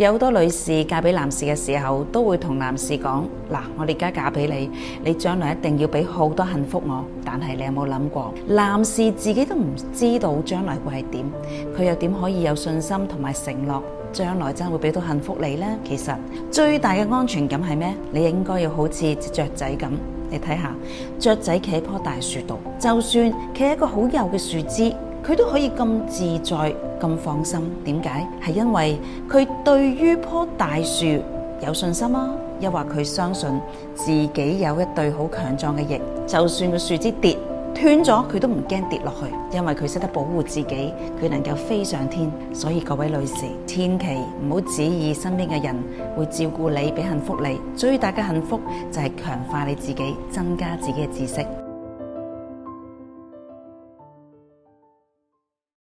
有好多女士嫁俾男士嘅時候，都會同男士講：嗱，我而家嫁俾你，你將來一定要俾好多幸福我。但係你有冇諗過，男士自己都唔知道將來會係點，佢又點可以有信心同埋承諾將來真係會俾到幸福你呢？其實最大嘅安全感係咩？你應該要好似隻雀仔咁，你睇下，雀仔企喺棵大樹度，就算企喺一個好幼嘅樹枝。佢都可以咁自在、咁放心，點解？係因為佢對於棵大樹有信心啊，又或佢相信自己有一對好強壯嘅翼，就算個樹枝跌斷咗，佢都唔驚跌落去，因為佢識得保護自己，佢能夠飛上天。所以各位女士，千祈唔好旨意身邊嘅人會照顧你、俾幸福你。最大嘅幸福就係強化你自己，增加自己嘅知識。